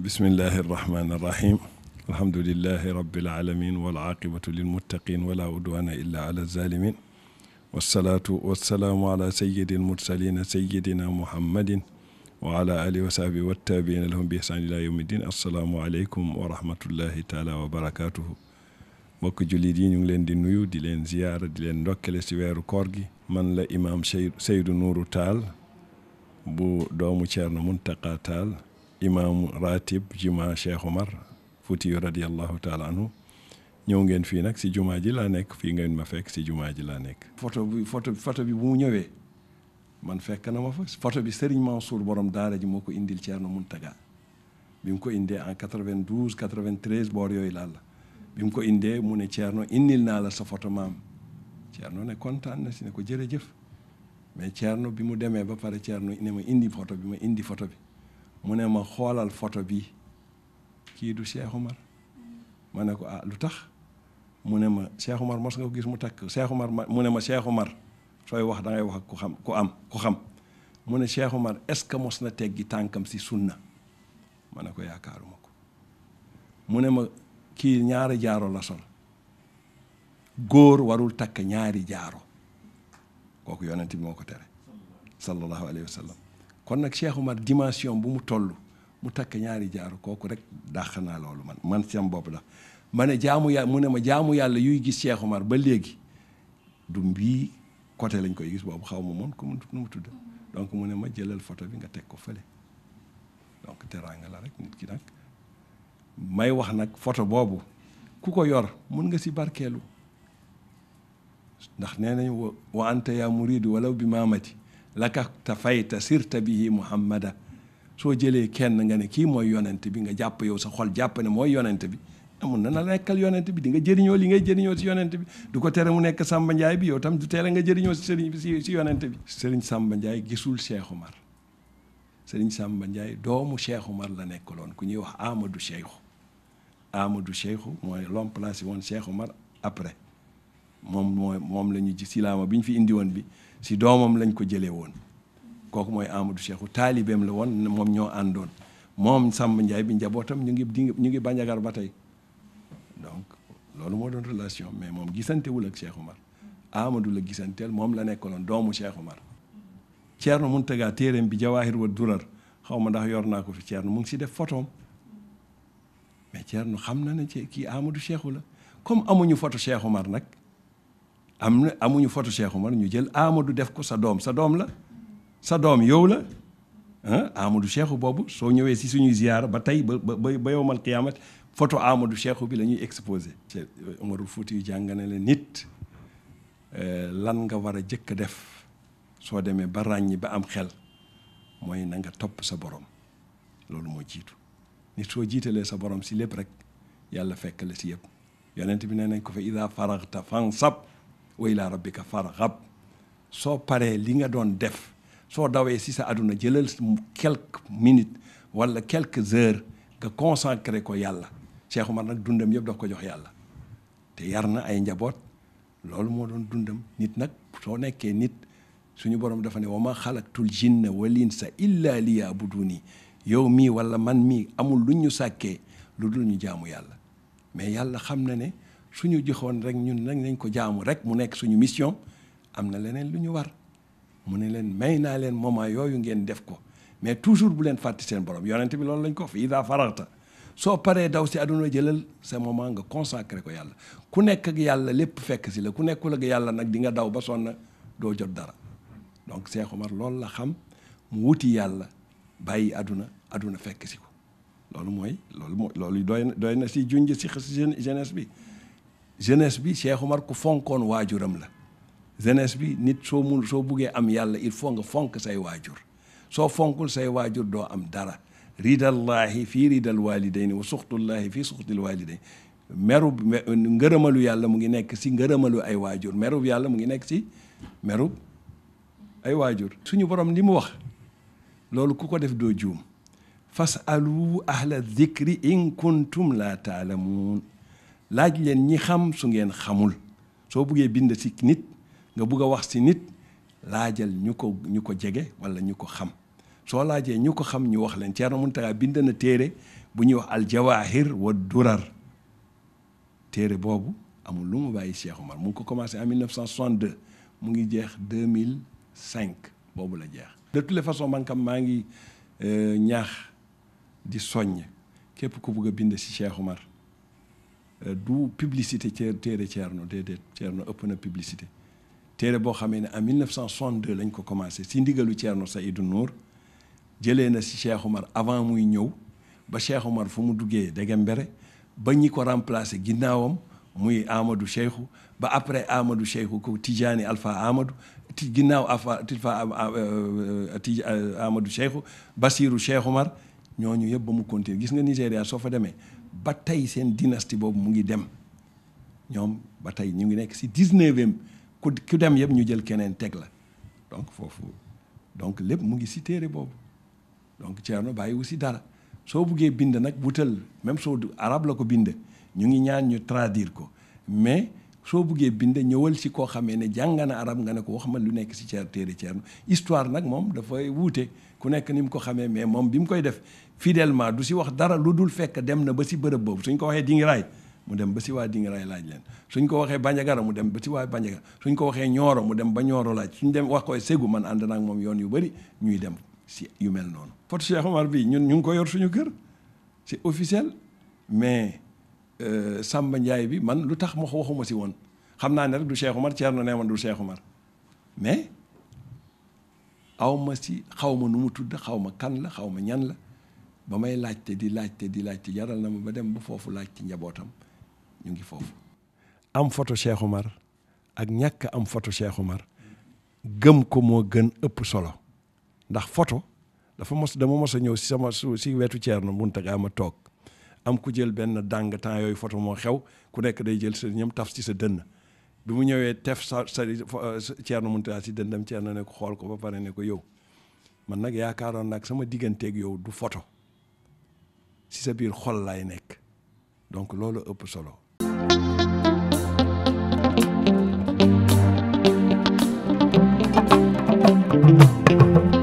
bismillahi irrahmani irrahim alhamdulilahi rabilalamin walaqibatu lilmuttaqin wala udwana illa ala zalimin walsalaatu walsalaamu ala sayidi almursalina sayidina muhammadin wa ala alihi wa sahbihi wattabiina lahum bi ihsaan ila yawmi ddin assalaamu aleykum wa rahmatullahi taala wa barakatuhu mbokk jullit yi ñu ngi leen di nuyu di leen ziyaara di leen ndokkale ci weeru koor gi man la imaam Seydou Nourou taal bu doomu Ceerno Muntaqa Tall imaamu ratib juma Cheikh Omar Foutiyu radiyallahu taala anhu ñëw ngeen fii nag si jumaa ji laa nekk fii ngeen ma fekk si jumaa ji laa nekk photo bi photo photo bi bu ñëwee man fekk na ma fa photo bi Serigne Mansour borom daara ji moo ko indil Ceerno Muntaqa bi mu ko indee en 92 93 boor yooyu laal la bi mu ko indee mu ne Thierno indil naa la sa photo maam Thierno ne kontaan na si ne ko jërëjëf mais Thierno bi mu demee ba pare Thierno ne ma indi photo bi ma indi photo bi mu ne ma xoolal photo bi kii du Cheikh ma ne ko ah lu tax mu ne ma Cheikh Omar mos nga ko gis mu takk Cheikh Omar mu ne ma Cheikh Omar sooy wax da ngay wax ak ku xam ku am ku xam mu ne Cheikh Omar est-ce que mos na teggi tànkam si sunna ma ne ko yaakaaruma ko mu ne ma kii ñaari jaaro la sol góor warul takk ñaari jaaro kooku yonent bi moo ko tere sallallahu alayhi wa kon nag Cheikh Umar dimension bu mu toll mu takk ñaari jaaro kooku rek dàq naa loolu man man sam bopp la ma ne jaamu yàlla mu ne ma jaamu yàlla yuy gis Cheikh Umar ba léegi du mbii côté lañ koy gis boobu xaw ma moom ko mu nu mu tudd donc mu ne ma jëlal photo bi nga teg ko fële donc teraanga la rek nit ki may wax nag photo boobu ku ko yor mun nga si barkeelu ndax nee nañ wa anta ya muridu wala bi maamati laka tafayta sirta bihi muhammada soo jëlee kenn nga ne kii mooy yonent bi nga jàpp yow sa xol jàpp ne mooy yonent bi amun na na nekkal yonent bi di nga jëriñoo li ngay jëriñoo si yonent bi du ko tere mu nekk Samba Ndiaye bi yow tam du tere nga jëriñoo si sëriñ si si yonent bi sëriñ Samba Ndiaye gisul Cheikh Omar sëriñ Samba Ndiaye doomu Cheikh Omar la nekkaloon ku ñuy wax Amadou Cheikh Amadou Cheikhou mooy lomp placé woon Cheikh Omar après moom mooy moom la ñu ci silaama bi ñu fi indi woon bi si doomam lañ ko jëlee woon kooku mooy Amadou Cheikhou taalibeem la woon moom ñoo àndoon moom Samba Ndiaye bi njabootam ñu ngi ñu ngi Bandiagare ba tey donc loolu moo doon relation mais moom gisantewul ak Cheikh Omar Amadou la gisanteel moom la nekkaloon doomu Cheikh Omar Thierno Mountaga téeréem bi Jawaahir wa Durar xaw ma ndax yor naa ko fi Thierno mu ngi si def photoom mais Thierno xam na ne ci kii Amadou Cheikhou la comme amuñu photo Cheikh Omar nag am na amuñu photo Cheikh Omar ñu jël Amadou def ko sa doom sa doom la sa doom yow la Amadou Cheikhou boobu soo ñëwee si suñuy ziyaara ba tey ba ba ba yowmal qiyaamat photo Amadou bi la ñuy exposé. Cheikh Omarul Fouti jàngane la nit euh, lan nga war a jëkk def soo demee ba ràññi ba am xel mooy nanga topp sa borom loolu moo jiitu. nit soo jiitalee sa borom si lépp rek yàlla fekk la si yëpp yonent bi nee nañ ko fa ida faraxta fansab wa ila rabbika farxab soo paree li nga doon def soo dawee si sa àdduna jëlal quelques minutes wala quelques heures nga consacré ko yàlla Cheikh Oumar nag dundam yëpp daf ko jox yàlla te yar na ay njaboot loolu moo doon dundam nit nag soo nekkee nit suñu borom dafa ne wa ma walin sa wal insa illa liya'buduni yow mii wala man mii amul lu ñu sàkkee lu dul ñu jaamu yàlla mais yàlla xam na ne suñu joxoon rek ñun nag nañ ko jaamu rek mu nekk suñu mission am na leneen lu ñu war mu ne leen may naa leen moment yooyu ngeen def ko mais toujours bu leen fàtte seen borom yonent bi loolu lañ ko fi ida ta soo paree daw si àdduna jëlal sa moment nga consacré ko yàlla ku nekk ak yàlla lépp fekk si la ku nekkul ak yàlla nag di nga daw ba sonn doo jot dara donc Cheikh Omar loolu la xam mu wuti yàlla bàyyi àdduna àdduna fekk si ko loolu mooy loolu mooy loolu na doy na si junj si jeunesse bi jeunesse bi Cheikh mar ku fonkoon waajuram la jeunesse bi nit soo mun soo buggee am yàlla il faut nga fonk say waajur soo fonkul say waajur doo am dara ridallahi fii ridal walidayni wa suxtullahi fii suxtil walidayni merub ngërëmalu yàlla mu ngi nekk si ngërëmalu ay waajur merub yàlla mu ngi nekk si merub ay waajur suñu borom li mu wax loolu ku ko def doo juum fasalu ahla dikri in kuntum laa taalamuun laaj leen ñi xam su ngeen xamul soo buggee bind si nit nga bugg a wax si nit laajal ñu ko ñu ko jege wala ñu ko xam soo laajee ñu ko xam ñu wax leen Ceerno Muntaxa bind na téere bu ñuy wax aljawaahir wa durar téere boobu amul lu mu bàyyi Cheikh Omar mu ngi ko commencé en 1962 mu ngi jeex 2005 boobu la jeex de toutes les façons man kam maa ngi euh, ñaax di soññ képp ku bugg a bind si Cheikh mar euh, du publicité cee téere Thierno déedéet Thierno ëpp na publicité téere boo xamee ne en 1962 lañ ko commencé si ndigalu Thierno Seydou Nour jëlee na si Cheikh Oumar avant muy ñëw ba Cheikh Oumar fu mu duggee dege mbere ba ñi ko remplacer ginnaawam muy Amadou Cheikhou ba après Amadou Cheikhou ko Tidjani Alpha Amadou ti ginnaaw afa tilfa ti Amadou Cheikhou Bassirou Cheikh Omar ñooñu yëpp ba mu continuer gis nga Nigéria soo fa demee ba tey seen dynastie boobu mu ngi dem ñoom ba tey ñu ngi nekk si 19e ku ku dem yëpp ñu jël keneen teg la donc foofu donc lépp mu ngi si téere boobu donc Thierno bàyyiwu si dara soo buggee bind nag wutal même so du arabe ko bind ñu ngi ñaan ñu traduire ko mais soo buggee bind ñëwal ci koo xamee ne jàngana arab nga ne ko wax ma lu nekk ci ceer téere ceerno histoire nag moom dafay wuute ku nekk ni mu ko xamee mais moom bi mu koy def fidèlement du si wax dara lu dul fekk dem na ba si bërëb boobu suñ ko waxee dingiraay mu dem ba ci waa dingiraay laaj leen suñ ko waxee banjagara mu dem ba ci waa banjagara suñ ko waxee ñooro mu dem ba ñooro laaj suñ dem wax koy ségu man ànd naa ak moom yoon yu bëri ñuy dem ci yu mel noonu. foto Cheikh Omar bi ñun ñu ngi ko yor suñu kër c'est officiel mais. Euh, Samba njaay bi man lu tax ma waxuma si woon xam naa ne rek du Cheikh Omar na nee ma du seexu mar mais aw ma si xaw ma nu mu tudd xaw ma kan la xaw ma ñan la ba may laajte di laajte di laajte jaral na ma ba dem ba foofu laajte njabootam ñu ngi foofu. am photo Cheikh mar ak ñàkk am photo Cheikh mar gëm ko moo gën ëpp solo ndax foto dafa mos dama mos a ñëw si sama su si wetu ceer Thierno Mountaga ma toog. am ku jël benn dàng temps yooyu photo moo xew ku nekk day jël sa ñam taf ci sa dënn bi mu ñëwee tef sa sa Thierno Mountakha si dëndam Thierno na ko xool ko ba pare ne ko yow man nag yaakaaroon nag sama digganteeg yow du photo ci sa biir xol lay nekk donc loolu ëpp solo.